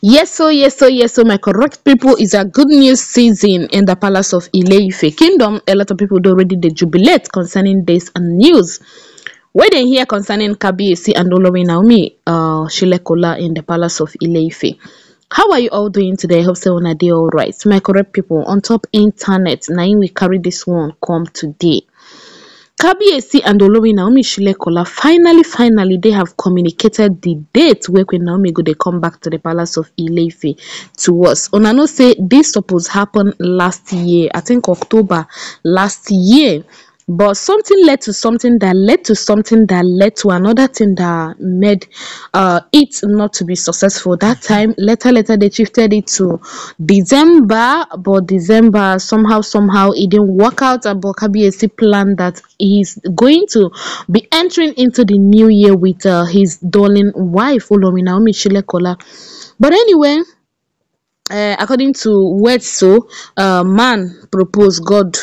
Yes, so yes, so yes, so my correct people is a good news season in the palace of Ileife Kingdom. A lot of people already they jubilate concerning this and news. What they hear concerning Kabiesi and Olori Naomi uh, Shilekola in the palace of Ileife. How are you all doing today? I hope so on a day all right. My correct people on top internet, now we carry this one come today. Kabiyesi and Olomi Naomi Shilekola finally finally they have communicated the date where Queen Naomi go They come back to the palace of Iléfé to us. Una know say this suppose happen last year, I think October last year but something led to something that led to something that led to another thing that made uh, it not to be successful that mm-hmm. time later later they shifted it to december but december somehow somehow it didn't work out about kbac plan that he's going to be entering into the new year with uh, his darling wife Olomina Omichilekola. But anyway, uh, according to words, so uh, man proposed God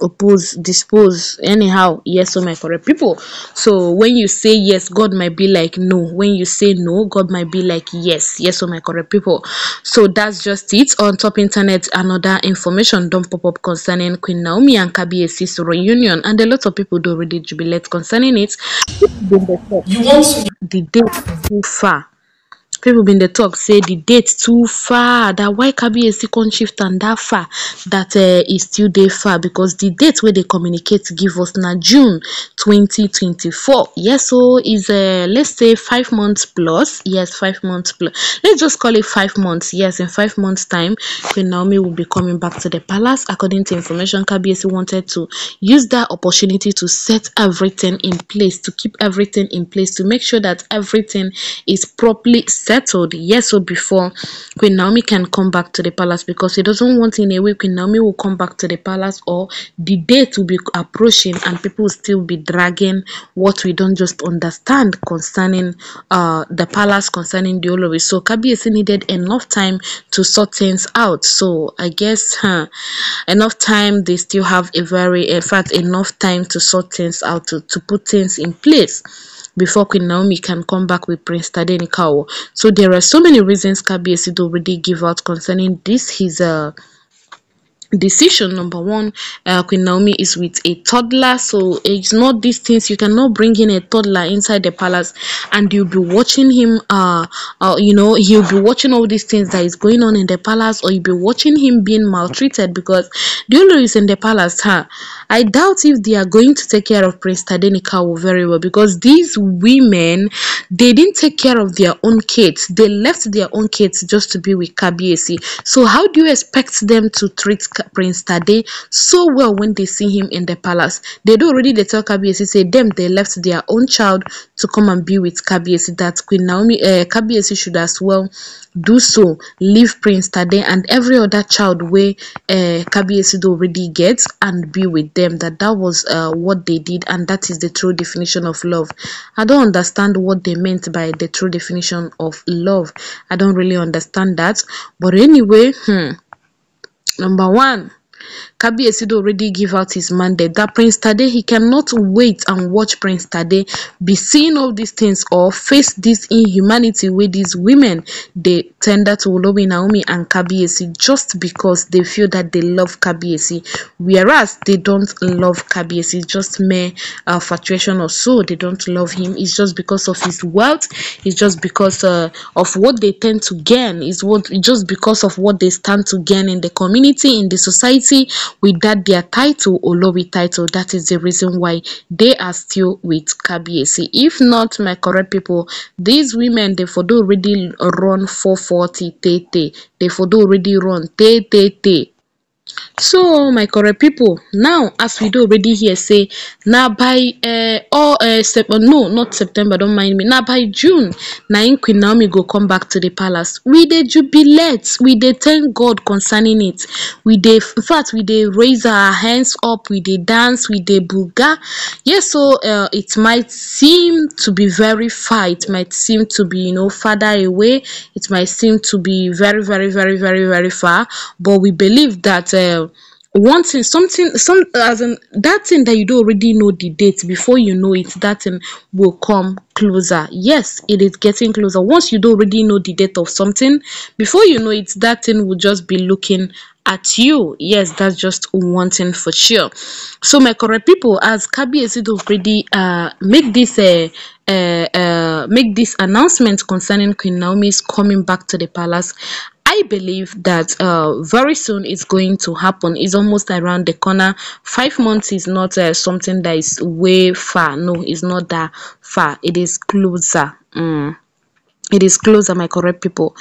oppose dispose anyhow yes or oh my correct people so when you say yes god might be like no when you say no god might be like yes yes or oh my correct people so that's just it on top internet another information don't pop up concerning queen naomi and kbac reunion and a lot of people don't really jubilate concerning it you want the date too far People bin the talk say the date too far That why kabiyesi come shift am dat far That is eh, still dey far because the date where they communicate give us now june twenty twenty four yes so is um let's say five months plus yes five months plus let's just call it five months yes in five months time Queen Naomi will be coming back to the palace according to information Kabiyesi wanted to use that opportunity to set everything in place to keep everything in place to make sure that everything is properly settled yes or before Queen Naomi can come back to the palace because he doesn't want in a way Queen Naomi will come back to the palace or the date will be approaching and people will still be dragging what we don't just understand concerning uh, the palace, concerning the Olori. So Kabiyesi needed enough time to sort things out. So I guess huh, enough time they still have a very, in fact, enough time to sort things out, to, to put things in place before Queen Naomi can come back with Prince Tade Nikawo. So there are so many reasons Kabiesi already give out concerning this his uh, decision number one uh, queen naomi is with a toddler so it's not these things you cannot bring in a toddler inside the palace and you'll be watching him uh, uh you know he'll be watching all these things that is going on in the palace or you'll be watching him being maltreated because the only is in the palace huh i doubt if they are going to take care of prince tadenikawo very well because these women they didn't take care of their own kids they left their own kids just to be with kabiesi so how do you expect them to treat Prince Tade so well when they see him in the palace. They do already they tell Kabiesi say them they left their own child to come and be with Kabiesi that Queen Naomi uh, should as well do so leave Prince Tade and every other child where uh, eh, Kabiesi already gets and be with them that that was uh, what they did and that is the true definition of love. I don't understand what they meant by the true definition of love. I don't really understand that but anyway hmm Number one Kabiyesi already give out his mandate that Prince Tade, he cannot wait and watch Prince Tade be seeing all these things or face this inhumanity with these women they tender to Olobi Naomi and Kabiyesi just because they feel that they love Kabiyesi, whereas they don't love Kabiyesi, just mere uh, fatuation or so. They don't love him. It's just because of his wealth. It's just because uh, of what they tend to gain. It's what just because of what they stand to gain in the community, in the society, with that their title Olori title that is the reason why they are still with Kabiesi if not my correct people these women they for do already run 440 they for do already run they so my correct people. now as we do already hear say now by eh, all eh, oh, no not september Don't mind me Now by june now queen naomi go come back to the palace we did jubilate we did thank god concerning it we did in fact we did raise our hands up we did dance we did buga yes so eh, it might seem to be very far it might seem to be you know further away it might seem to be very very very very very far but we believe that. Wanting something some as in that thing that you do already know the date before you know it that thing will come closer yes it is getting closer once you do already know the date of something before you know it that thing will just be looking at you yes that's just wanting for sure so my correct people as kabi it already uh make this uh, uh, uh make this announcement concerning queen naomi's coming back to the palace I believe that uh, very soon it's going to happen. It's almost around the corner. Five months is not uh, something that is way far. No, it's not that far. It is closer. Mm it is closer my correct people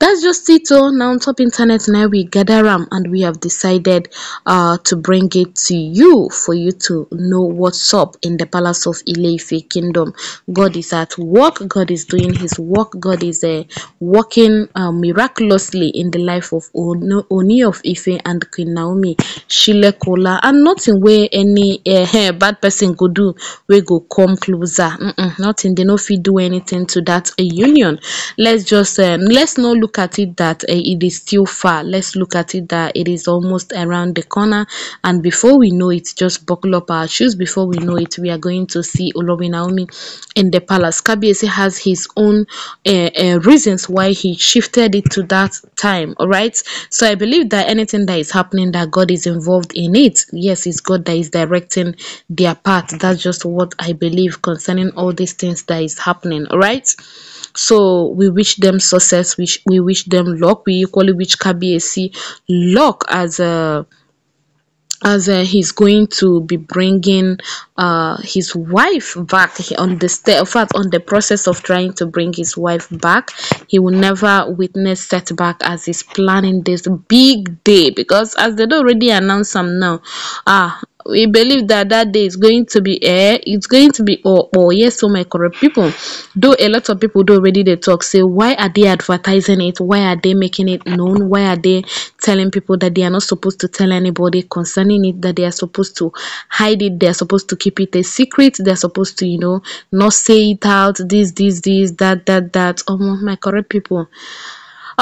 that's just it all oh. now on top internet now we gather and we have decided uh to bring it to you for you to know what's up in the palace of ileife kingdom god is at work god is doing his work god is uh, working uh, miraculously in the life of oni of ife and queen naomi shilekola and nothing where any uh, bad person could do we go come closer mm -mm, nothing they no fit do anything to that union situation let's just um, let's not look at it that uh, it is still far let's look at it that it is almost around the corner and before we know it just buckle up our shoes before we know it we are going to see Olori Naomi in the palace Kabiyesi has his own uh, uh, reasons why he shifted it to that time all right so I believe that anything that is happening that God is involved in it yes it's God that is directing their path that's just what I believe concerning all these things that is happening all right so we wish them success. We, we wish them luck. We equally wish KBAC luck as a uh, as uh, he's going to be bringing uh, his wife back he, on the step in on the process of trying to bring his wife back he will never witness setback as he's planning this big day because as they already announced some now ah we believe that that day is going to be air eh, it's going to be oh, oh yes so oh my correct people do a lot of people do already they talk say why are they advertising it why are they making it known why are they telling people that they are not supposed to tell anybody concerning it that they are supposed to hide it they're supposed to keep it a secret they're supposed to you know not say it out this this this that that that oh my correct people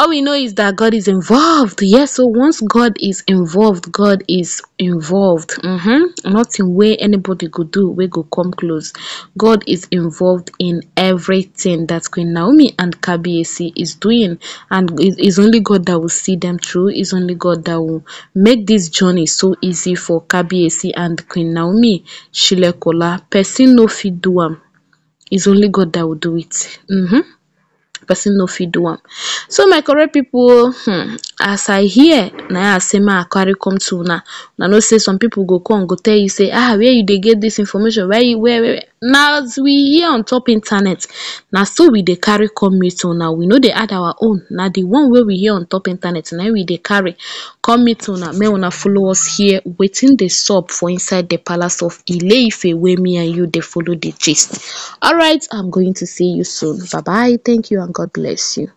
all we know is that God is involved. Yes, so once God is involved, God is involved. Mm-hmm. Nothing way anybody could do, we go come close. God is involved in everything that Queen Naomi and KBAC is doing, and it's only God that will see them through. It's only God that will make this journey so easy for KBAC and Queen Naomi. Shilekola, person no fit do am. It's only God that will do it. Mm-hmm. Person no fit do am so my correct people, hmm, as i hear na i say make i carry come to una una say some people go come go tell you say ah where you dey get this information where you where where na as we here on top internet na so we they carry come meet now we know they add our own na the one where we here on top internet na we they carry come meet una want una follow us here, waiting the sub for inside the palace of ileife where me and you they follow the gist alright i'm going to see you soon bye bye thank you and god bless you